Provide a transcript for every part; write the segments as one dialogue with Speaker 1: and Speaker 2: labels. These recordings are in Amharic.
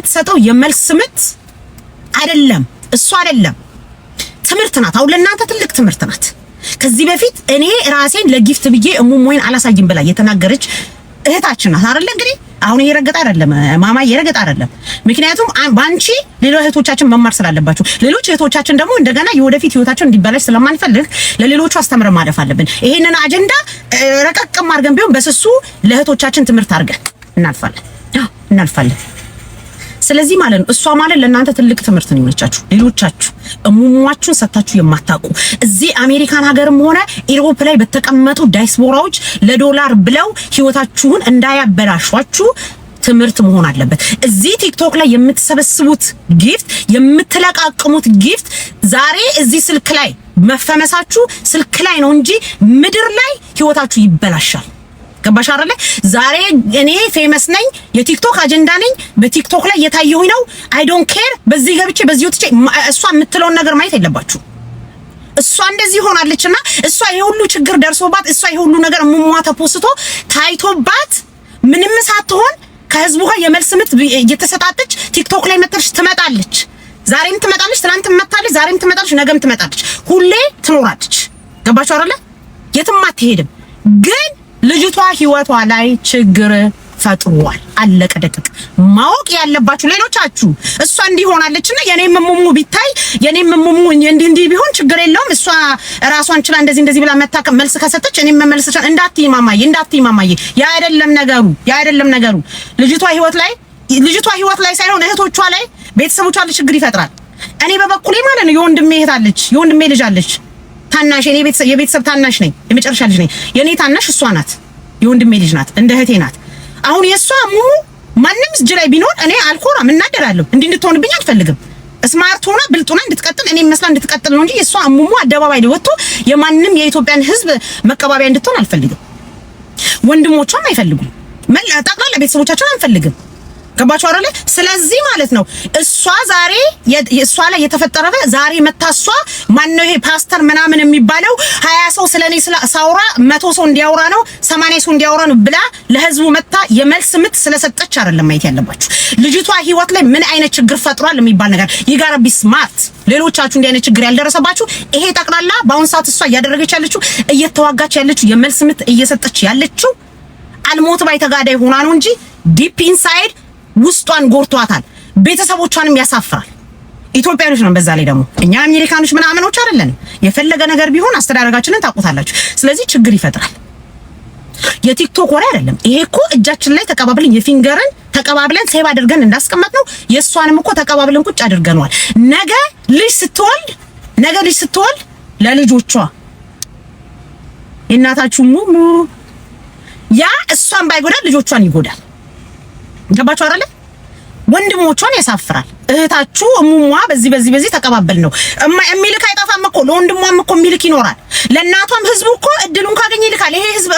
Speaker 1: የምትሰጠው የመልስ ስምት አይደለም፣ እሱ አይደለም፣ ትምህርት ናት። አሁን ለእናንተ ትልቅ ትምህርት ናት። ከዚህ በፊት እኔ ራሴን ለጊፍት ብዬ እሙሞይን አላሳይም ብላ የተናገረች እህታችን ናት አይደለ? እንግዲህ አሁን ረገጥ አይደለም ማማ ረገጥ አይደለም። ምክንያቱም በአንቺ ሌሎች እህቶቻችን መማር ስላለባችሁ፣ ሌሎች እህቶቻችን ደግሞ እንደገና የወደፊት ህይወታቸው እንዲበላሽ ስለማንፈልግ ለሌሎቹ አስተምረን ማለፍ አለብን። ይሄንን አጀንዳ ረቀቅም አድርገን ቢሆን በስሱ ለእህቶቻችን ትምህርት አድርገን እናልፋለን እናልፋለን። ስለዚህ ማለት ነው እሷ ማለት ለእናንተ ትልቅ ትምህርት ነው የሆነቻችሁ። ሌሎቻችሁ እሙሟችሁን ሰታችሁ የማታውቁ እዚህ አሜሪካን ሀገርም ሆነ ኢሮፕ ላይ በተቀመጡ ዳይስፖራዎች ለዶላር ብለው ህይወታችሁን እንዳያበላሿችሁ ትምህርት መሆን አለበት። እዚህ ቲክቶክ ላይ የምትሰበስቡት ጊፍት፣ የምትለቃቅሙት ጊፍት ዛሬ እዚህ ስልክ ላይ መፈመሳችሁ ስልክ ላይ ነው እንጂ ምድር ላይ ህይወታችሁ ይበላሻል። ገባሽ አይደለ? ዛሬ እኔ ፌመስ ነኝ፣ የቲክቶክ አጀንዳ ነኝ፣ በቲክቶክ ላይ እየታየሁኝ ነው። አይ ዶንት ኬር። በዚህ ገብቼ በዚህ ወጥቼ እሷ የምትለውን ነገር ማየት የለባችሁ። እሷ እንደዚህ ሆናለችና እሷ ይሄ ሁሉ ችግር ደርሶባት እሷ ይሄ ሁሉ ነገር ሙሟ ተፖስቶ ታይቶባት ምንም ሳትሆን ከህዝቡ ጋር የመልስ ምት እየተሰጣጠች ቲክቶክ ላይ መጥተሽ ትመጣለች። ዛሬም ትመጣለች፣ ትናንትም መጣለች፣ ዛሬም ትመጣለች፣ ነገም ትመጣለች። ሁሌ ትኖራለች። ገባችሁ አይደለ? የትም አትሄድም ግን ልጅቷ ህይወቷ ላይ ችግር ፈጥሯል። አለቀ ደቀቅ። ማወቅ ያለባችሁ ሌሎቻችሁ እሷ እንዲህ ሆናለችና የኔም ሙሙ ቢታይ የኔም ሙሙ እንዲህ እንዲህ ቢሆን ችግር የለውም እሷ ራሷን ችላ እንደዚህ እንደዚህ ብላ መታከም መልስ ከሰጠች እኔም መልስ እችላለሁ። እንዳትዪ ማማዬ፣ እንዳትዪ ማማዬ። ያ አይደለም ነገሩ፣ ያ አይደለም ነገሩ። ልጅቷ ህይወት ላይ ልጅቷ ህይወት ላይ ሳይሆን እህቶቿ ላይ ቤተሰቦቿ ላይ ችግር ይፈጥራል። እኔ በበኩሌ ማለት ነው የወንድሜ እህት አለች፣ የወንድሜ ልጅ አለች ታናሽ የኔ ቤተሰብ የቤተሰብ ታናሽ ነኝ። የመጨረሻ ልጅ ነኝ። የኔ ታናሽ እሷ ናት። የወንድሜ ልጅ ናት። እንደ እህቴ ናት። አሁን የእሷ ሙሉ ማንም እጅ ላይ ቢኖር እኔ አልኮራም፣ እናደራለሁ። እንዲህ እንድትሆንብኝ አልፈልግም። ስማርት ሆና ብልጡና እንድትቀጥል እኔ መስላ እንድትቀጥል ነው እንጂ የእሷ ሙሙ አደባባይ ወጥቶ የማንም የኢትዮጵያን ሕዝብ መቀባቢያ እንድትሆን አልፈልግም። ወንድሞቿም አይፈልጉም። ጠቅላላ ቤተሰቦቻቸውን አንፈልግም። ገባችሁ አይደለ? ስለዚህ ማለት ነው እሷ ዛሬ እሷ ላይ የተፈጠረ ዛሬ መታ እሷ ማን ነው ይሄ ፓስተር ምናምን የሚባለው ሀያ ሰው ስለኔ ሳውራ መቶ ሰው እንዲያውራ ነው ሰማንያ ሰው እንዲያውራ ነው ብላ ለህዝቡ መታ የመልስ ምት ስለሰጠች አይደለም ማየት ያለባችሁ። ልጅቷ ህይወት ላይ ምን አይነት ችግር ፈጥሯል የሚባል ነገር ይጋራ ቢስማርት ሌሎቻችሁ እንዲህ አይነት ችግር ያልደረሰባችሁ ይሄ ጠቅላላ በአሁን ሰዓት እሷ እያደረገች ያለችው እየተዋጋች ያለችው የመልስ ምት እየሰጠች ያለችው አልሞት ባይ ተጋዳይ ሆና ነው እንጂ ዲፕ ኢንሳይድ ውስጧን ጎርቷታል። ቤተሰቦቿንም ያሳፍራል። ኢትዮጵያኖች ነን። በዛ ላይ ደግሞ እኛ አሜሪካኖች ምናምኖች አይደለንም። የፈለገ ነገር ቢሆን አስተዳደጋችንን ታውቁታላችሁ። ስለዚህ ችግር ይፈጥራል። የቲክቶክ ወሬ አይደለም ይሄ እኮ እጃችን ላይ ተቀባብለን የፊንገርን ተቀባብለን ሴብ አድርገን እንዳስቀመጥ ነው። የእሷንም እኮ ተቀባብለን ቁጭ አድርገነዋል። ነገ ልጅ ስትወልድ ነገ ልጅ ስትወልድ ለልጆቿ የእናታችሁ ሙሙ ያ እሷን ባይጎዳል ልጆቿን ይጎዳል። ገባችሁ አይደለ? ወንድሞቿን ያሳፍራል። እህታችሁ እሙሟ በዚህ በዚህ በዚህ ተቀባበል ነው እማ የሚልክ አይጠፋም እኮ ለወንድሟም እኮ የሚልክ ይኖራል። ለእናቷም ህዝቡ እኮ እድሉን ካገኘ ይልካል። ይሄ ህዝብ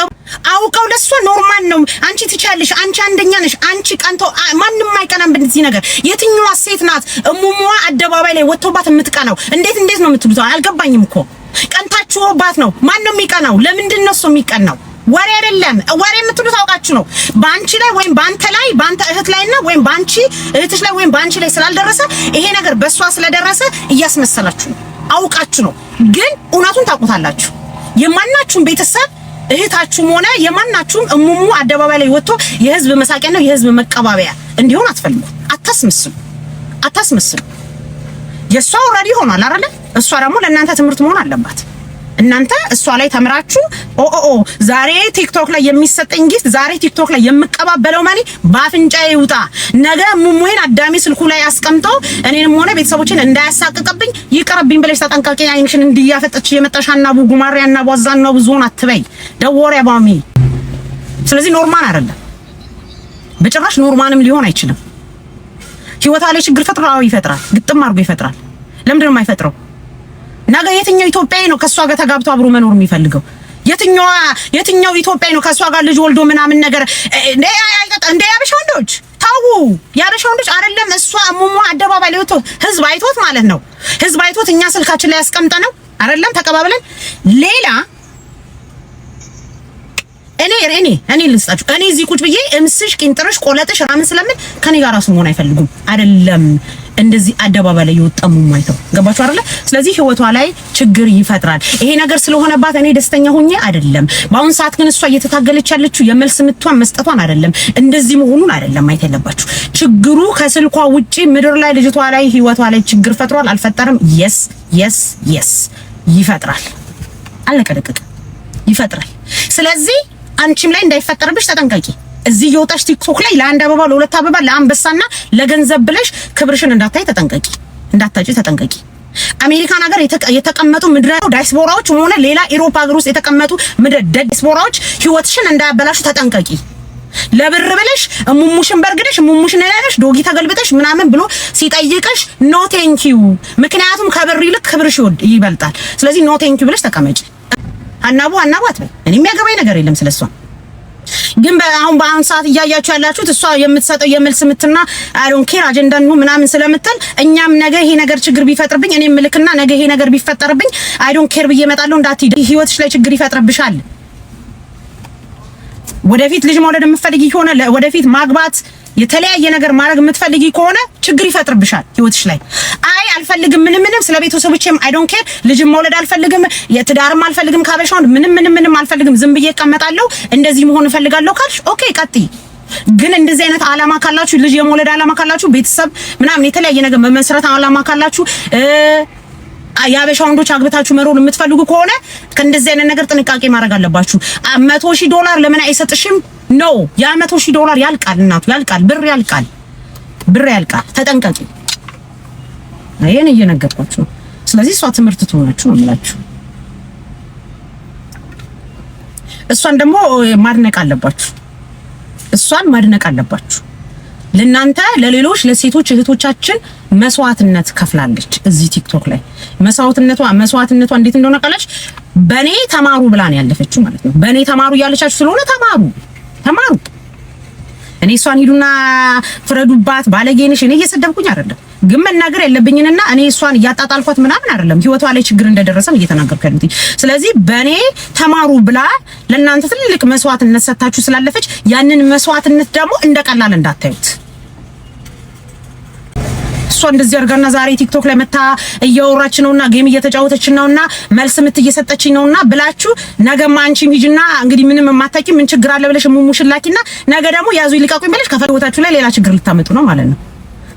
Speaker 1: አውቀው ለሷ ኖርማል ነው። አንቺ ትቻለሽ፣ አንቺ አንደኛ ነሽ፣ አንቺ ቀንቶ ማንም አይቀናም በዚህ ነገር። የትኛዋ ሴት ናት እሙሟ አደባባይ ላይ ወጥቶባት የምትቀናው? እንዴት እንዴት ነው የምትሉት? አልገባኝም እኮ ቀንታችሁባት ነው። ማን ነው የሚቀናው? ለምንድን ነው እሱ የሚቀናው? ወሬ አይደለም። ወሬ የምትሉት አውቃችሁ ነው። ባንቺ ላይ ወይም ባንተ ላይ ባንተ እህት ላይና ወይም ባንቺ እህትሽ ላይ ወይም ባንቺ ላይ ስላልደረሰ ይሄ ነገር በእሷ ስለደረሰ እያስመሰላችሁ ነው። አውቃችሁ ነው፣ ግን እውነቱን ታውቁታላችሁ። የማናችሁም ቤተሰብ እህታችሁም ሆነ የማናችሁም እሙሙ አደባባይ ላይ ወጥቶ የህዝብ ነው የህዝብ መቀባበያ እንዲሆን አትፈልጉ። አታስመስሉ፣ አታስመስሉ። የእሷ ኦልሬዲ ሆኗል አይደለ? እሷ ደግሞ ለእናንተ ትምህርት መሆን አለባት። እናንተ እሷ ላይ ተምራችሁ ኦኦኦ ዛሬ ቲክቶክ ላይ የሚሰጠኝ ጊፍት ዛሬ ቲክቶክ ላይ የምቀባበለው ማለት ባፍንጫ ይውጣ። ነገ ሙሙዬን አዳሚ ስልኩ ላይ አስቀምጦ እኔንም ሆነ ቤተሰቦችን እንዳያሳቅቅብኝ ይቅርብኝ ብለሽ ተጠንቀቂ። አይንሽን እንዲያፈጠች የመጣሽ ቡ ጉማሪያና ቧዛን ነው ዞን አትበይ ደወሬ ባሚ። ስለዚህ ኖርማል አይደለም፣ በጭራሽ ኖርማልም ሊሆን አይችልም። ህይወታ ላይ ችግር ፈጥሮ ይፈጥራል፣ ግጥም አድርጎ ይፈጥራል። ለምንድን ነው የማይፈጥረው? ነገ የትኛው ኢትዮጵያዊ ነው ከእሷ ጋር ተጋብቶ አብሮ መኖር የሚፈልገው? የትኛዋ የትኛው ኢትዮጵያዊ ነው ከእሷ ጋር ልጅ ወልዶ ምናምን ነገር እንደ ያበሻ ወንዶች ታው ያበሻ ወንዶች አይደለም። እሷ ሙሙ አደባባይ ላይ ወጥቶ ህዝብ አይቶት ማለት ነው። ህዝብ አይቶት እኛ ስልካችን ላይ ያስቀምጠ ነው አይደለም ተቀባብለን ሌላ እኔ እኔ እኔ ልስጣችሁ እኔ እዚህ ቁጭ ብዬ እምስሽ ቂንጥርሽ ቆለጥሽ ራምን ስለምን ከኔ ጋር ራሱ መሆን አይፈልጉም አይደለም እንደዚህ አደባባይ ላይ የወጣ ሙሙ አይተው ገባችሁ አይደለ? ስለዚህ ህይወቷ ላይ ችግር ይፈጥራል። ይሄ ነገር ስለሆነባት እኔ ደስተኛ ሆኜ አይደለም። በአሁን ሰዓት ግን እሷ እየተታገለች ያለችው የመልስ ምቷን መስጠቷን አይደለም፣ እንደዚህ መሆኑን አይደለም ማየት ያለባችሁ። ችግሩ ከስልኳ ውጪ ምድር ላይ ልጅቷ ላይ ህይወቷ ላይ ችግር ፈጥሯል አልፈጠርም? የስ የስ የስ ይፈጥራል። አለቀ ይፈጥራል። ስለዚህ አንቺም ላይ እንዳይፈጠርብሽ ተጠንቀቂ። እዚህ እየወጣሽ ቲክቶክ ላይ ለአንድ አበባ ለሁለት አበባ ለአንበሳና ለገንዘብ ብለሽ ክብርሽን እንዳታይ ተጠንቀቂ፣ እንዳታጭ ተጠንቀቂ። አሜሪካን ሀገር የተቀመጡ ምድረ ዳይስፖራዎች ሆነ ሌላ ኢሮፓ ሀገር ውስጥ የተቀመጡ ምድረ ዳይስፖራዎች ህይወትሽን እንዳያበላሹ ተጠንቀቂ። ለብር ብለሽ እሙሙሽን በርግደሽ እሙሙሽን ላለሽ ዶጊ ተገልብጠሽ ምናምን ብሎ ሲጠይቅሽ ኖ ቴንክ ዩ። ምክንያቱም ከብር ይልቅ ክብርሽ ይበልጣል። ስለዚህ ኖ ቴንክ ዩ ብለሽ ተቀመጪ። አናቡ አናቡ አትበይ። እኔ የሚያገባኝ ነገር የለም ስለሷ ግን አሁን በአሁን ሰዓት እያያችሁ ያላችሁት እሷ የምትሰጠው የመልስ ምትና አይዶን ኬር አጀንዳ ነው ምናምን ስለምትል እኛም ነገ ይሄ ነገር ችግር ቢፈጥርብኝ እኔም ልክና ነገ ይሄ ነገር ቢፈጠርብኝ አይዶን ኬር ብዬ እመጣለሁ እንዳትሄድ፣ ህይወትሽ ላይ ችግር ይፈጥርብሻል። ወደፊት ልጅ መውለድ የምትፈልጊ ከሆነ ወደፊት ማግባት የተለያየ ነገር ማድረግ የምትፈልጊ ከሆነ ችግር ይፈጥርብሻል ህይወትሽ ላይ። አይ አልፈልግም፣ ምንም ምንም፣ ስለ ቤተሰቦቼም አይ ዶንት ኬር፣ ልጅም መውለድ አልፈልግም፣ የትዳርም አልፈልግም፣ ካበሻ ምንም ምንም ምንም አልፈልግም፣ ዝም ብዬ እቀመጣለሁ፣ እንደዚህ መሆን እፈልጋለሁ ካልሽ ኦኬ ቀጥይ። ግን እንደዚህ አይነት አላማ ካላችሁ፣ ልጅ የመውለድ አላማ ካላችሁ፣ ቤተሰብ ምናምን የተለያየ ነገር መመስረት አላማ ካላችሁ የአበሻ ወንዶች አግብታችሁ መሮን የምትፈልጉ ከሆነ ከእንደዚህ አይነት ነገር ጥንቃቄ ማድረግ አለባችሁ። መቶ ሺህ ዶላር ለምን አይሰጥሽም ነው? ያ መቶ ሺህ ዶላር ያልቃል፣ እናቱ ያልቃል፣ ብር ያልቃል፣ ብር ያልቃል። ተጠንቀቂ። ይህን እየነገርኳችሁ። ስለዚህ እሷ ትምህርት ትሆናችሁ ነው የምላችሁ። እሷን ደግሞ ማድነቅ አለባችሁ። እሷን ማድነቅ አለባችሁ። ለእናንተ ለሌሎች ለሴቶች እህቶቻችን መስዋዕትነት ከፍላለች እዚህ ቲክቶክ ላይ መስዋዕትነቷ መስዋዕትነቷ እንዴት እንደሆነ ቃላች በኔ ተማሩ ብላ ነው ያለፈችው ማለት ነው። በኔ ተማሩ እያለቻችሁ ስለሆነ ተማሩ ተማሩ። እኔ እሷን ሂዱና ፍረዱባት ባለጌንሽ። እኔ እየሰደብኩኝ አይደለም፣ ግን መናገር ያለብኝንና እኔ እሷን እያጣጣልኳት ምናምን አይደለም። ህይወቷ ላይ ችግር እንደደረሰም እየተናገርኩ ያለሁት። ስለዚህ በኔ ተማሩ ብላ ለእናንተ ትልልቅ መስዋዕትነት ሰታችሁ ስላለፈች ያንን መስዋዕትነት ደግሞ እንደቀላል እንዳታዩት። እሷ እንደዚህ አድርጋና ዛሬ ቲክቶክ ላይ መታ እያወራች ነውና ጌም እየተጫወተች ነውና መልስ ምት እየሰጠችኝ ነውና ብላችሁ ነገ አንቺም ሂጂና እንግዲህ ምንም የማታውቂ ምን ችግር አለ ብለሽ ሙሙሽን ላኪና ነገ ደግሞ ያዙ ይልቃቁኝ ብለሽ ከፈወታችሁ ላይ ሌላ ችግር ልታመጡ ነው ማለት ነው።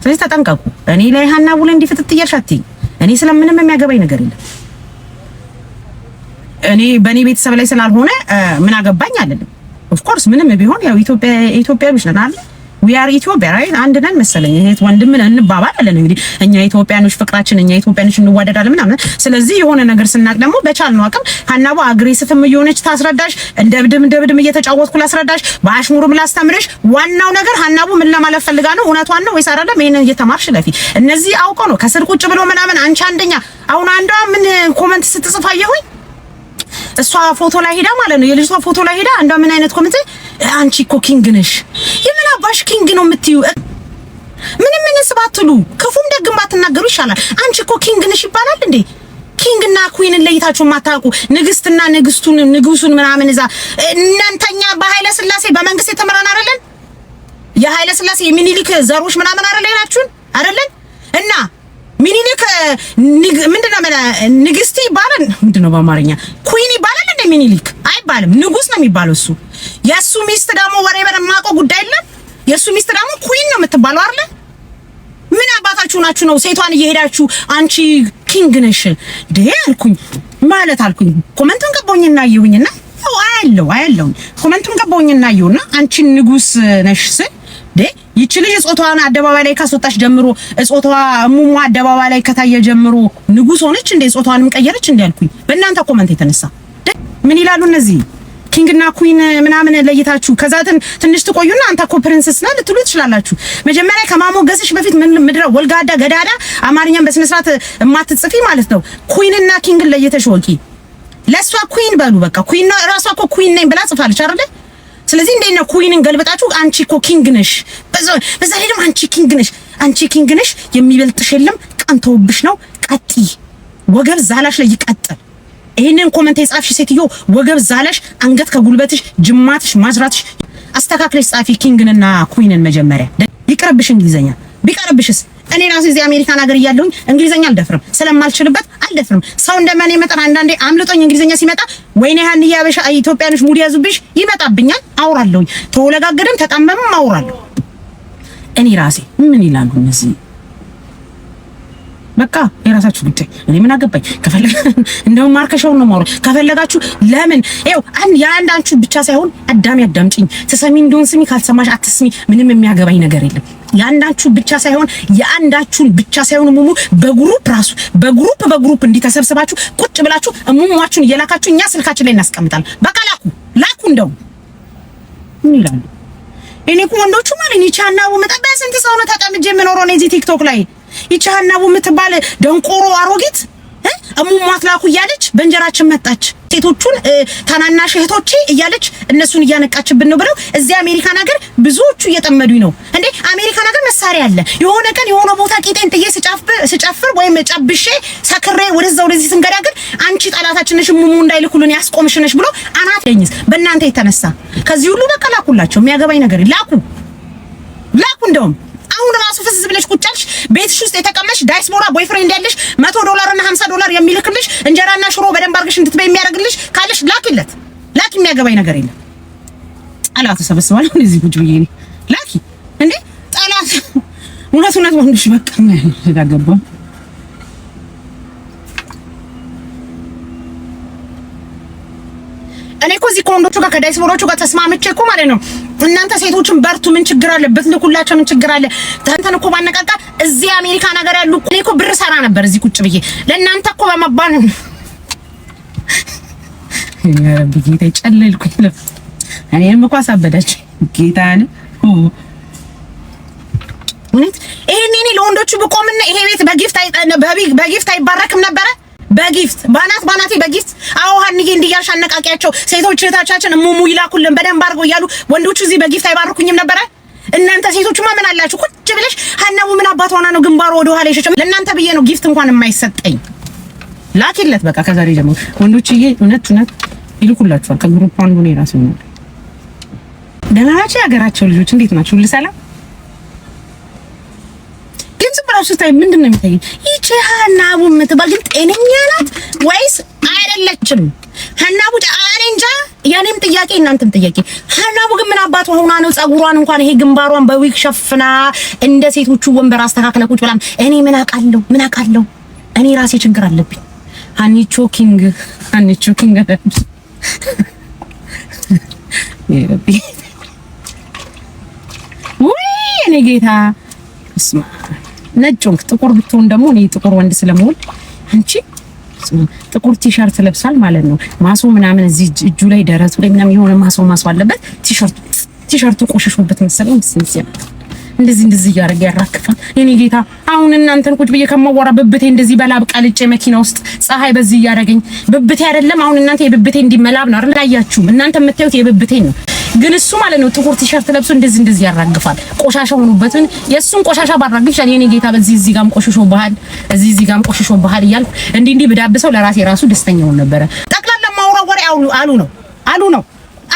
Speaker 1: ስለዚህ ተጠንቀቁ። እኔ ላይ ሀና ቡለ እንዲፍትት እያልሻት እኔ ስለምንም የሚያገባኝ ነገር የለም። እኔ በእኔ ቤተሰብ ላይ ስላልሆነ ምን አገባኝ አይደለም። ኦፍ ኮርስ ምንም ቢሆን ያው ኢትዮጵያ ኢትዮጵያ ብቻ ዊአር ኢትዮጵያ ራይት አንድ ነን መሰለኝ እህት ነን እንባባል አለን። እንግዲህ እኛ ኢትዮጵያኖች ፍቅራችን እኛ ኢትዮጵያኖች እንዋደዳለን ምናምን። ስለዚህ የሆነ ነገር ስናቅ ደግሞ በቻልነው አቅም ሀናቡ አግሬሲቭም እየሆነች ታስረዳሽ፣ እንደብድም ብድም እየተጫወትኩ ላስረዳሽ፣ በአሽሙርም ላስተምርሽ። ዋናው ነገር ሀናቡ ምን ለማለት ፈልጋ ነው? እውነቷን ነው ወይስ አይደለም? ይሄንን እየተማርሽ ለፊ እነዚህ አውቀው ነው ከስር ቁጭ ብሎ ምናምን አንቺ አንደኛ አሁን አንዷ ምን ኮመንት ስትጽፋ እሷ ፎቶ ላይ ሄዳ ማለት ነው የልጅቷ ፎቶ ላይ ሄዳ እንደ ምን አይነት ኮሜንት አንቺ እኮ ኪንግ ነሽ፣ የምን አባሽ ኪንግ ነው የምትዩ? ምንም ምንስ ባትሉ ክፉም ደግም ባትናገሩ ይሻላል። አንቺ እኮ ኪንግ ነሽ ይባላል እንዴ? ኪንግና ኩዊንን ለይታችሁ የማታውቁ ንግስትና ንግስቱን ንጉሱን ምናምን እዛ እናንተኛ በኃይለ ስላሴ በመንግስት የተመራን አይደለን? የኃይለ ስላሴ የሚኒሊክ ዘሮች ምናምን አይደለ አይደለን እና ሚኒሊክ ምንድነው ንግስት ይባላል? ምንድነው በአማርኛ ኩዊን ይባላል? እንደ ሚኒሊክ አይባልም፣ ንጉስ ነው የሚባለው እሱ። የእሱ ሚስት ደግሞ ወሬ በማቆ ጉዳይ የለም። የእሱ ሚስት ደግሞ ኩዊን ነው የምትባለው አይደለ? ምን አባታችሁ ናችሁ ነው ሴቷን እየሄዳችሁ አንቺ ኪንግ ነሽ ዴ አልኩኝ ማለት አልኩኝ። ኮመንቱን ገባኝና አየሁኝና አያለው አያለው ኮመንቱን ገባኝና አየሁና አንቺን ንጉስ ነሽ ስል ይቺ ልጅ ጾታዋን አደባባይ ላይ ካስወጣች ጀምሮ ጾታዋ ሙሙ አደባባይ ላይ ከታየ ጀምሮ ንጉስ ሆነች እንዴ? ጾታዋንም ቀየረች እንዴ አልኩኝ። በእናንተ ኮመንት የተነሳ ምን ይላሉ እነዚህ ኪንግና ኩዊን ምናምን ለይታችሁ ከዛ ትንሽ ትቆዩና አንተ እኮ ፕሪንሰስ ነህ ልትሉ ትችላላችሁ። መጀመሪያ ከማሞገስሽ በፊት ምን ምድረ ወልጋዳ ገዳዳ አማርኛም በስነ ስርዓት የማትጽፊ ማለት ነው። ኩዊንና ኪንግን ለይተሽ ወቂ። ለእሷ ኩዊን በሉ በቃ ኩዊን ነው። ራሷ እኮ ኩዊን ነኝ ብላ ጽፋለች አይደል? ስለዚህ እንዴት ነው ኩዊንን ገልበጣችሁ አንቺ እኮ ኪንግ ነሽ፣ በዛ ላይ ደግሞ አንቺ ኪንግ ነሽ፣ አንቺ ኪንግ ነሽ፣ የሚበልጥሽ የለም፣ ቀንተውብሽ ነው። ቀጢ ወገብ ዛላሽ ላይ ይቀጥል። ይህንን ኮመንት የጻፍሽ ሴትዮ ወገብ ዛላሽ፣ አንገት ከጉልበትሽ፣ ጅማትሽ፣ ማዝራትሽ አስተካክለሽ ጻፊ። ኪንግንና ኩዊንን መጀመሪያ ይቅርብሽ። እንግሊዘኛ ቢቀርብሽስ እኔ ራሴ እዚህ አሜሪካን ሀገር እያለሁኝ እንግሊዘኛ አልደፍርም ስለማልችልበት አለት ነው ሰው እንደማን የመጣን አንዳንዴ አምልጦኝ እንግሊዝኛ ሲመጣ ወይኔ ያን ያበሻ ኢትዮጵያኖች ሙድ ያዙብሽ ይመጣብኛል። አውራለሁኝ ተወለጋገደም ተጣመምም አውራለሁ። እኔ ራሴ ምን ይላሉ እነዚህ በቃ የራሳችሁ ጉዳይ። እኔ ምን አገባኝ? ከፈለጋ እንደውም ማርከሻውን ነው የማወራው። ከፈለጋችሁ ለምን ይኸው የአንዳችሁ ብቻ ሳይሆን አዳሚ አዳምጪኝ፣ ትሰሚ እንደሆን ስሚ፣ ካልሰማሽ አትስሚ። ምንም የሚያገባኝ ነገር የለም። የአንዳችሁን ብቻ ሳይሆን የአንዳችሁን ብቻ ሳይሆን ሙሙ በግሩፕ ራሱ በግሩፕ በግሩፕ እንዲተሰብስባችሁ ቁጭ ብላችሁ ሙሟችሁን እየላካችሁ እኛ ስልካችን ላይ እናስቀምጣለን። በቃ ላኩ ላኩ። እንደው ምን ይላሉ? እኔ እኮ ወንዶቹ ማለት እኔ ቻናው መጠበያ ስንት ሰው ነው ተጠምጄ የምኖረው ነው እዚህ ቲክቶክ ላይ ይቻናው ሀናቡ የምትባል ደንቆሮ አሮጊት እሙሟት ላኩ እያለች በእንጀራችን መጣች። ሴቶቹን ታናናሽ እህቶቼ እያለች እነሱን እያነቃችብን ነው ብለው እዚህ አሜሪካን ሀገር ብዙዎቹ እየጠመዱኝ ነው እንዴ። አሜሪካን ሀገር መሳሪያ አለ። የሆነ ቀን የሆነ ቦታ ቂጤን ጥዬ ስጨፍር ወይም ጨብሼ ሰክሬ ወደዛ ወደዚህ ስንገዳግር አንቺ ጠላታችን ነሽ ሙሙ እንዳይልኩልን ያስቆምሽ ነሽ ብሎ አናት ለኝስ በእናንተ የተነሳ ከዚህ ሁሉ በቃ ላኩላቸው። የሚያገባኝ ነገር ላኩ ላኩ እንደውም አሁን ራሱ ፍዝዝ ብለሽ ቁጭ ቤትሽ ውስጥ የተቀመሽ ዳይስፖራ ቦይፍሬንድ ያለሽ መቶ ዶላር እና ሀምሳ ዶላር የሚልክልሽ እንጀራና ሽሮ በደንብ አድርገሽ እንድትበይ የሚያደርግልሽ ካለሽ ላኪለት። ላኪ፣ የሚያገባኝ ነገር የለም። ጠላት ተሰበስባል። አሁን እዚህ ቁጭ ብዬ ነው ላኪ እንዴ ጠላት እውነት እውነት ወንድሽ በቃ ያገባ እኔ እኮ እዚህ ከወንዶቹ ጋር ከዳይስፖራዎቹ ጋር ተስማምቼ እኮ ማለት ነው እናንተ ሴቶችን በርቱ፣ ምን ችግር አለ? ብትልኩላቸው ምን ችግር አለ? ተንተን እኮ ባነቃቃ እዚህ አሜሪካ ነገር ያሉ እኔ እኮ ብር ሰራ ነበር እዚህ ቁጭ ብዬ ለእናንተ እኮ በመባል ጌታ ይጨለልኩኝ። እኔም እኮ አሳበዳችሁ ጌታ ይሄን እኔ ለወንዶቹ ብቆምና ይሄ ቤት በጊፍት በጊፍት አይባረክም ነበረ። በጊፍት ባናት ባናቴ በጊፍት አዎ፣ ሀንዬ እንዲያልሽ አነቃቂያቸው ሴቶች እህታቻችን ሙሙ ይላኩልን በደንብ አድርገው እያሉ ወንዶቹ እዚህ በጊፍት አይባርኩኝም ነበረ። እናንተ ሴቶችማ ምን አላችሁ? ቁጭ ብለሽ ሀናቡ ምን አባት ሆና ነው ግንባሩ ወደ ኋላ ይሸሸ? ለእናንተ ብዬ ነው ጊፍት እንኳን የማይሰጠኝ። ላኪለት በቃ ከዛሬ ጀምሮ ወንዶችዬ፣ እውነት እውነት ይልኩላችኋል። ከግሩፕ አንዱ ነው የራሱ ነው። ደህና ናቸው የሀገራቸው ልጆች። እንዴት ናችሁ? ሁሉ ሰላም ግን ዝም ብላችሁ ስታይ ምንድን ነው የሚታየው? ይቺ ሀናቡ የምትባል ግን ጤነኛ ናት ወይስ አይደለችም? ሀናቡ እኔ እንጃ። የኔም ጥያቄ እናንተም ጥያቄ። ሀናቡ ግን ምን አባቷ ሆና ነው ጸጉሯን እንኳን ይሄ ግንባሯን በዊግ ሸፍና እንደ ሴቶቹ ወንበር አስተካክለ ቁጭ ብላም። እኔ ምን አውቃለሁ ምን አውቃለሁ እኔ ራሴ ችግር አለብኝ። ሀኒቾ ቾኪንግ ሀኒቾ ቾኪንግ ወይ እኔ ጌታ ስማ ነጭ ሆንክ። ጥቁር ብትሆን ደግሞ እኔ ጥቁር ወንድ ስለመሆን አንቺ ጥቁር ቲሸርት ለብሳል ማለት ነው። ማሶ ምናምን እዚህ እጁ ላይ ደረቱ ላይ ምናምን የሆነ ማሶ ማሶ አለበት ቲሸርቱ ቲሸርቱ ቆሸሽበት መሰለኝ። እንደዚህ እንደዚህ እያደረገ ያራክፋል። የኔ ጌታ አሁን እናንተን ቁጭ ብዬ ከማዋራ ብብቴ እንደዚህ በላብ ቀልጬ መኪና ውስጥ ፀሐይ በዚህ እያደረገኝ ብብቴ አይደለም አሁን እናንተ የብብቴ እንዲመላብ ነው አይደል? አያችሁም እናንተ የምታዩት የብብቴ ነው። ግን እሱ ማለት ነው ጥቁር ቲሸርት ለብሶ እንደዚህ እንደዚህ ያራግፋል። ቆሻሻ ሆኖበትን የእሱን ቆሻሻ ባራግፍ ያኔ የኔ ጌታ በዚህ እዚህ ጋርም ቆሽሾ ባህል እዚህ እዚህ ጋርም ቆሽሾ ባህል እያልኩ እንዲህ እንዲህ ብዳብሰው ለራሴ ራሱ ደስተኛውን ነበረ። ጠቅላላ ማውራው ወሬ አሉ ነው አሉ ነው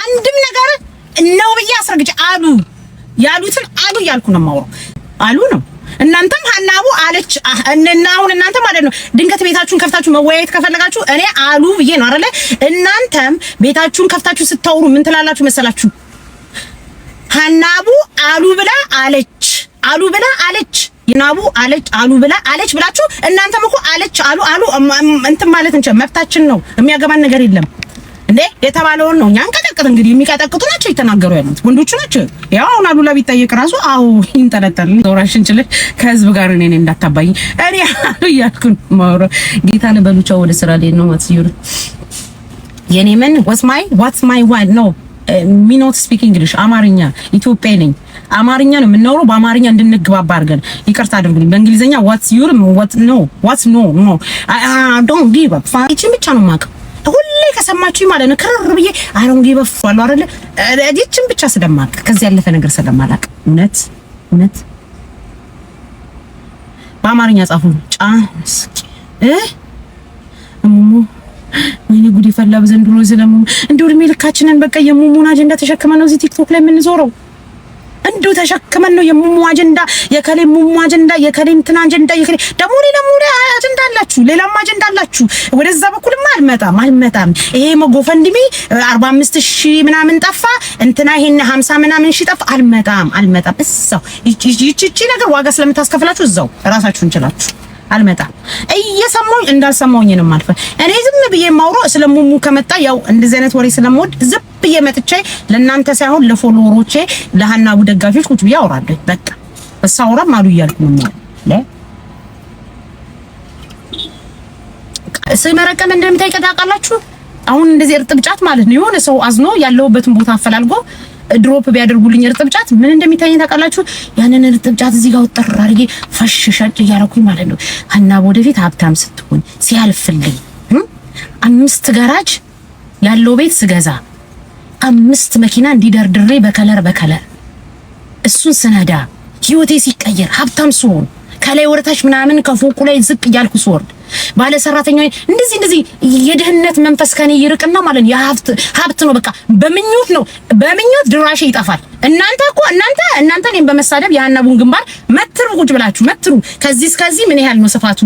Speaker 1: አንድም ነገር ነው ብዬ አስረግጬ አሉ ያሉትን አሉ እያልኩ ነው የማውራው አሉ ነው እናንተም ሀናቡ አለች እና አሁን እናንተ ማለት ነው ድንገት ቤታችሁን ከፍታችሁ መወያየት ከፈለጋችሁ እኔ አሉ ብዬ ነው አይደለ? እናንተም ቤታችሁን ከፍታችሁ ስታወሩ ምን ትላላችሁ መሰላችሁ? ሀናቡ አሉ ብላ አለች፣ አሉ ብላ አለች ይናቡ አለች አሉ ብላ አለች ብላችሁ እናንተም እኮ አለች አሉ አሉ እንትን ማለት እንችላለን። መብታችን ነው። የሚያገባን ነገር የለም። እንዴ የተባለውን ነው እኛ እንግዲህ የሚቀጠቅጡ ናቸው የተናገሩ ያሉት ወንዶቹ ናቸው። ያው አሁን አሉላ ቢጠየቅ ራሱ አዎ ይንጠለጠል። ዞራሽን ችል ከህዝብ ጋር እኔ እንዳታባይኝ እኔ አሉ እያልኩ ወደ ስራ ላይ ነው ማትዩር የኔ ምን ዋትስ ማይ ዋትስ ማይ ዋን ነው ሚኖት ስፒክ እንግሊሽ አማርኛ ኢትዮጵያ ነኝ። አማርኛ ነው የምናወራው። በአማርኛ እንድንግባባ አድርገን ይቅርታ አድርጉኝ። በእንግሊዝኛ ዋትስ ዩር ኖ ዋትስ ኖ ኖ አይ ዶንት ጊቭ አፕ ብቻ ነው የማውቀው ሁሌ ከሰማችሁ ማለት ነው ክርር ብዬ አሮንጌ ይበፋሉ አይደለ? እዲችን ብቻ ስለማቅ ከዚህ ያለፈ ነገር ስለማላቅ እውነት እውነት በአማርኛ ጻፉ ጫ እ እሙሙ ወይኔ ጉድ ፈላ በዘንድሮ ዘለሙ እንደው እድሜ ልካችንን በቃ የሙሙን አጀንዳ ተሸክመን ነው እዚህ ቲክቶክ ላይ የምንዞረው። እንዱ ተሸክመን ነው የሙሙ አጀንዳ የከሌ ሙሙ አጀንዳ የከሌ እንትና አጀንዳ የከሌ ደግሞ ሌላ ሙሪ አጀንዳ አላችሁ፣ ሌላም አጀንዳ አላችሁ። ወደዛ በኩልማ አልመጣም አልመጣም። ይሄ መጎፈንድሚ 45 ሺ ምናምን ጠፋ እንትና ይሄን 50 ምናምን ሺ ጠፋ። አልመጣም አልመጣም። እዛው ይቺ ነገር ዋጋ ስለምታስከፍላችሁ እዛው ራሳችሁ እንችላችሁ አልመጣም እየሰማሁኝ እንዳልሰማሁኝ ነው የማልፈው። እኔ ዝም ብዬ ማውሮ ስለሙሙ ከመጣ ያው እንደዚህ አይነት ወሬ ስለምወድ ዝም ብዬ መጥቼ ለእናንተ ሳይሆን ለፎሎወሮቼ ለሀናቡ ደጋፊዎች ቁጭ ብዬ አውራለሁ። በቃ እሳውራም አሉ እያልኩ ነው። ስመረቀም እንደምታይ ታውቃላችሁ። አሁን እንደዚህ እርጥብ ጫት ማለት ነው። የሆነ ሰው አዝኖ ያለሁበትን ቦታ አፈላልጎ ድሮፕ ቢያደርጉልኝ እርጥብ ጫት ምን እንደሚታየኝ ታውቃላችሁ? ያንን እርጥብ ጫት እዚህ ጋር ወጠር አድርጌ ፈሽ ሸጭ እያረኩኝ ማለት ነው። ሀናቡ ወደፊት ሀብታም ስትሆን ሲያልፍልኝ አምስት ጋራጅ ያለው ቤት ስገዛ አምስት መኪና እንዲደርድሬ በከለር በከለር እሱን ስነዳ ህይወቴ ሲቀየር ሀብታም ስሆን ከላይ ወደታች ምናምን ከፎቁ ላይ ዝቅ እያልኩ ስወርድ ባለ ሰራተኛ እንደዚህ እንደዚህ የድህነት መንፈስ ከኔ ይርቅና ማለት ነው። የሀብት ሀብት ነው። በቃ በምኞት ነው፣ በምኞት ድራሽ ይጠፋል። እናንተ እኮ እናንተ እናንተ እኔም በመሳደብ የሀናቡን ግንባር መትሩ፣ ቁጭ ብላችሁ መትሩ። ከዚህ እስከዚህ ምን ያህል ነው ስፋቱ?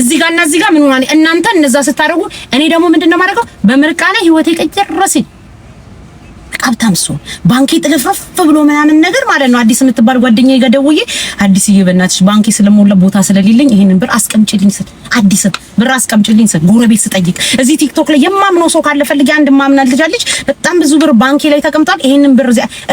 Speaker 1: እዚህ ጋር እና እዚህ ጋር ምን ሆኗል? እናንተ እነዛ ስታደርጉ እኔ ደግሞ ምንድነው ማድረገው? ላይ ህይወቴ ሲል ሀብታም ስሆን ባንኬ ብሎ ምናምን ነገር ማለት ነው። አዲስ የምትባል ጓደኛዬ ጋር ደውዬ አዲስዬ፣ በእናትሽ ባንኬ ስለሞላ ቦታ ስለሌለኝ ይሄንን ብር አስቀምጪልኝ ስል አዲስን ብር አስቀምጪልኝ ስል ጎረቤት ስጠይቅ እዚህ ቲክቶክ ላይ የማምነው ሰው ካለ ፈልጌ አንድ ማምናት ልጃለች በጣም ብዙ ብር ባንኬ ላይ ተቀምጧል፣ ይሄንን ብር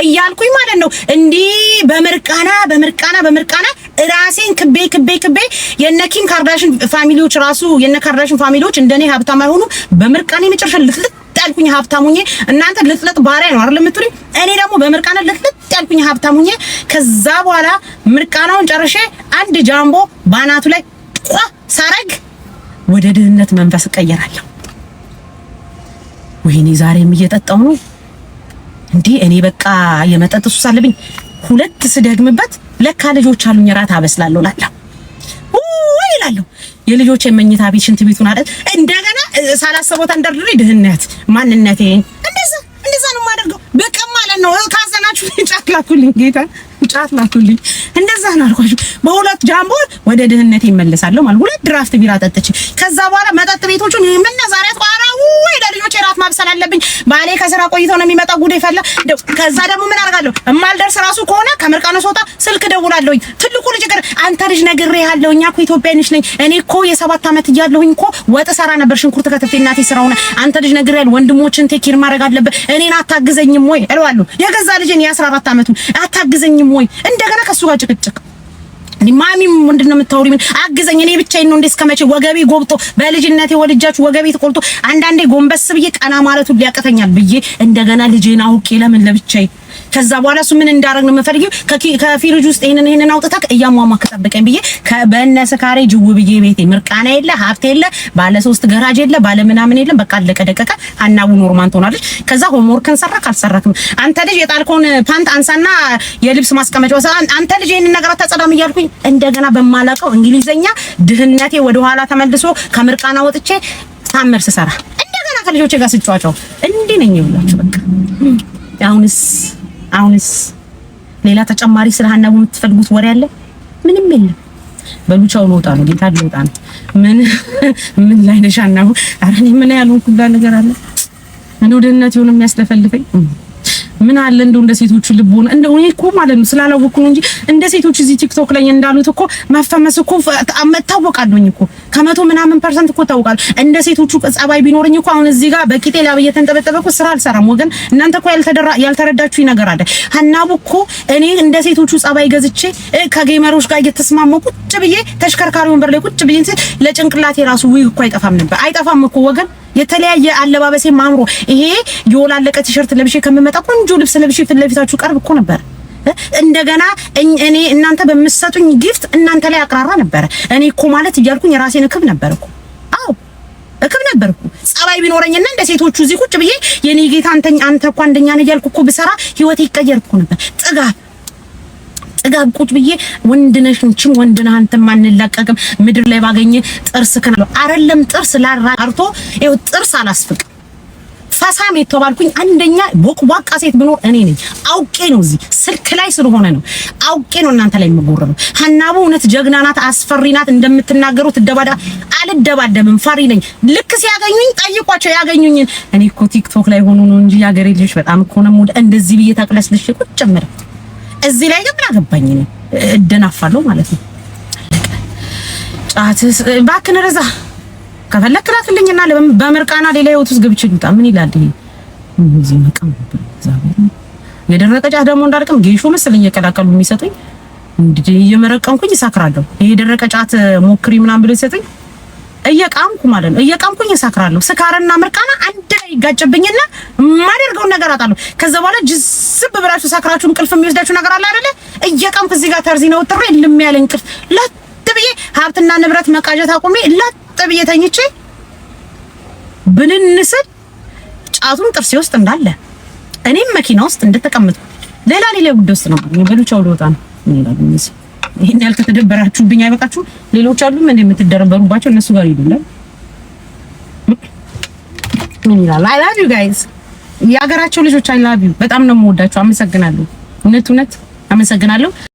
Speaker 1: እያልኩኝ ማለት ነው እንዲህ በምርቃና በምርቃና በምርቃና ራሴን ክቤ ክቤ ክቤ የነ ኪም ካርዳሽን ፋሚሊዎች ራሱ የነ ካርዳሽን ፋሚሊዎች እንደኔ ሀብታም አይሆኑ በምርቃኔ መጨረሻ ልትልጥ ያልኩኝ ሀብታም ሁኜ እናንተ ልጥለጥ ባሪያ ነው አይደል የምትሉኝ? እኔ ደግሞ በምርቃና ልጥለጥ ያልኩኝ ሀብታም ሁኜ ከዛ በኋላ ምርቃናውን ጨርሼ አንድ ጃምቦ ባናቱ ላይ ጧ ሳረግ ወደ ድህነት መንፈስ እቀየራለሁ። ወይኔ ዛሬም እየጠጣው ነው እንዴ? እኔ በቃ የመጠጥ ሱስ አለብኝ። ሁለት ስደግምበት ለካ ልጆች አሉኝ ራት አበስላለሁ እላለሁ። ወይ እላለሁ የልጆች የመኝታ ቤት ሽንት ቤቱን አይደል እንደገና ሳላሰቦታ እንደርድሬ ድህነት ማንነቴ እንደዛ እንደዛ ነው የማደርገው። በቀማለ ነው ካዘናችሁ ጫት ላኩልኝ ጌታ ጫት ላኩልኝ እንደዛ ነው አልኳችሁ። በሁለት ጃምቦል ወደ ድህነት ይመለሳለሁ ማለት ሁለት ድራፍት ቢራ ጠጥች። ከዛ በኋላ መጠጥ ቤቶቹን ምን ዛሬ ቋራው ወይ ልጆች እራት ማብሰል አለብኝ። ባሌ ከስራ ቆይቶ ነው የሚመጣው። ጉድ ይፈላ። ከዛ ደግሞ ምን አደርጋለሁ? እማልደርስ ራሱ ከሆነ ከምርቃነው ስወጣ ስልክ ደውላለሁ። ትልቁ ልጅ ግን አንተ ልጅ ነግሬሃለሁ፣ እኛ እኮ ንሽ ነኝ። እኔ እኮ የሰባት ዓመት እያለሁኝ እኮ ወጥ ሰራ ነበር ሽንኩርት ከተፌ እናቴ ስራው ነው። አንተ ልጅ ነግሬሃለሁ፣ ወንድሞችን ቴክ ኬር ማድረግ አለብህ። እኔን አታግዘኝም ወይ እለዋለሁ። የገዛ ልጅ እኔ 14 ዓመቱ አታግዘኝም ወይ እንደገና ከሱ ጋር ጭቅጭቅ ማሚ ምንድን ነው የምታወሪ? አግዘኝ፣ እኔ ብቻዬን ነው እንዴ እስከመቼ? ወገቤ ጎብቶ በልጅነቴ ወልጃችሁ ወገቤ ተቆልጦ አንዳንዴ ጎንበስ ብዬ ቀና ማለቱ ሊያቀተኛል ብዬ እንደገና ልጄን አውቄ ለምን ለብቻዬ ከዛ በኋላ እሱ ምን እንዳደረግ ነው የምፈልጊው ከፊሪጅ ውስጥ ይሄንን ይሄንን አውጥታ እያሟሟ ከጠብቀኝ ብዬ በእነ ስካሬ ጅው ብዬ ቤቴ ምርቃና የለ ሀብት የለ ባለ ሶስት ገራጅ የለ ባለ ምናምን የለም። በቃ አለቀ ደቀቀ። አናቡ ኖርማን ትሆናለች። ከዛ ሆምወርክን ሰራክ አልሰራክም? አንተ ልጅ የጣልከውን ፓንት አንሳና የልብስ ማስቀመጫው አንተ ልጅ ይሄንን ነገር አታጸዳም እያልኩኝ እንደገና በማላውቀው እንግሊዘኛ ድህነቴ ወደኋላ ተመልሶ ከምርቃና ወጥቼ ታምር ስሰራ እንደገና ከልጆቼ ጋር ስጫዋቸው እንዲህ ነኝ ይብላችሁ። በቃ አሁንስ አሁንስ ሌላ ተጨማሪ ስራ ሀናቡ የምትፈልጉት ወሬ አለ? ምንም የለም። በሉቻው ልወጣ ነው፣ ጌታ ልወጣ ነው። ምን ምን ላይ ነሽ ሀናቡ? ኧረ እኔ ምን ያልሆንኩላ ነገር አለ? እኔ ወደ እናት የሆነ የሚያስለፈልፈኝ ምን አለ እንደው እንደ ሴቶቹ ልብ ሆነ እንደው እኔ እኮ ማለት ነው ስላላወኩ ነው እንጂ እንደ ሴቶቹ እዚህ ቲክቶክ ላይ እንዳሉት እኮ መፈመስ እኮ እታወቃለሁኝ እኮ ከመቶ ምናምን ፐርሰንት እኮ እታወቃለሁ። እንደ ሴቶቹ ፀባይ ቢኖርኝ እኮ አሁን እዚህ ጋር በቂጤ ላይ እየተንጠበጠበ እኮ ስራ አልሰራም። ወገን እናንተ እኮ ያልተረዳችሁ ነገር አለ። ሀናቡ እኮ እኔ እንደ ሴቶቹ ፀባይ ገዝቼ ከጌመሮች ጋር እየተስማማሁ ቁጭ ብዬ ተሽከርካሪ ወንበር ላይ ቁጭ ብዬ ለጭንቅላቴ ራሱ ውይ እኮ አይጠፋም ነበር። አይጠፋም እኮ ወገን የተለያየ አለባበሴ ማምሮ ይሄ የወላለቀ ቲሸርት ለብሼ ከምመጣ ቆንጆ ልብስ ለብሼ ፊት ለፊታችሁ ቀርብ እኮ ነበር። እንደገና እኔ እናንተ በምትሰጡኝ ጊፍት እናንተ ላይ አቅራራ ነበረ። እኔ እኮ ማለት እያልኩኝ የራሴን እክብ ነበር እኮ አዎ እክብ ነበርኩ። ጸባይ ቢኖረኝና እንደ ሴቶቹ እዚህ ቁጭ ብዬ የኔ ጌታ አንተ አንተ እኮ አንደኛ ነህ እያልኩ እኮ ብሰራ ህይወቴ ይቀየር ነበር። ጥጋብ ጥጋብ ቁጭ ብዬ ወንድነሽ እንቺም ወንድነህ አንተም አንላቀቅም ምድር ላይ ባገኘ ጥርስ ከናለው አረለም ጥርስ ላራ አርቶ ይኸው ጥርስ አላስፍቅ ፈሳም የተባልኩኝ አንደኛ ቦቅቧቃ ሴት ብኖር እኔ ነኝ። አውቄ ነው እዚህ ስልክ ላይ ስለሆነ ነው አውቄ ነው እናንተ ላይ የምጎረበው። ሀናቡ እውነት ጀግና ናት፣ አስፈሪ ናት እንደምትናገሩ ትደባዳ አልደባደብም፣ ፈሪ ነኝ። ልክ ሲያገኙኝ ጠይቋቸው ያገኙኝን። እኔ እኮ ቲክቶክ ላይ ሆኖ ነው እንጂ ያገሬ ልጆች በጣም እኮ ነው እንደዚህ ብዬ ተቅለስልሽ ቁጭ እዚህ ላይ ግን ምን አገባኝ ነው እደናፋለሁ ማለት ነው። ጫት እባክህን ረዛ ከፈለክ ላክልኝና በምርቃና ሌላ ህይወት ውስጥ ግብች ይምጣ። ምን ይላል ይሄ እዚህ መቃም የደረቀ ጫት ደግሞ እንዳልቅም ጌሾ መስለኝ የቀላቀሉ የሚሰጡኝ እንዴ እየመረቀምኩኝ እሳክራለሁ። ይሄ የደረቀ ጫት ሞክሪ ምናምን ብሎ ይሰጡኝ እየቃምኩ ማለት ነው። እየቃምኩኝ እሳክራለሁ። ስካርና ምርቃና አንድ ይጋጨብኝና የማደርገውን ነገር አጣለሁ። ከዛ በኋላ ጅዝብ ብላችሁ ሳክራችሁ እንቅልፍ የሚወስዳችሁ ነገር አለ አይደለ? እየቀንፍ እዚህ ጋር ተርዚ ነው ጥሩ ልም ያለ እንቅልፍ ለጥ ብዬ ሀብትና ንብረት መቃጀት አቁሜ ለጥ ብዬ ተኝቼ ብንንስል ጫቱን ጥርሴ ውስጥ እንዳለ እኔም መኪና ውስጥ እንደተቀምጡ ሌላ ሌላ ጉዳይ ውስጥ ነው በሉቻው ልወጣ ነው ይሄን ያህል ከተደበራችሁብኝ አይበቃችሁ ሌሎች አሉ ምን የምትደረበሩባቸው እነሱ ጋር ይሉላል ምን ይላል? አይ ላቭ ዩ ጋይስ የሀገራቸው ልጆች አይ ላቭ ዩ በጣም ነው የምወዳቸው። አመሰግናለሁ። እውነት እውነት አመሰግናለሁ።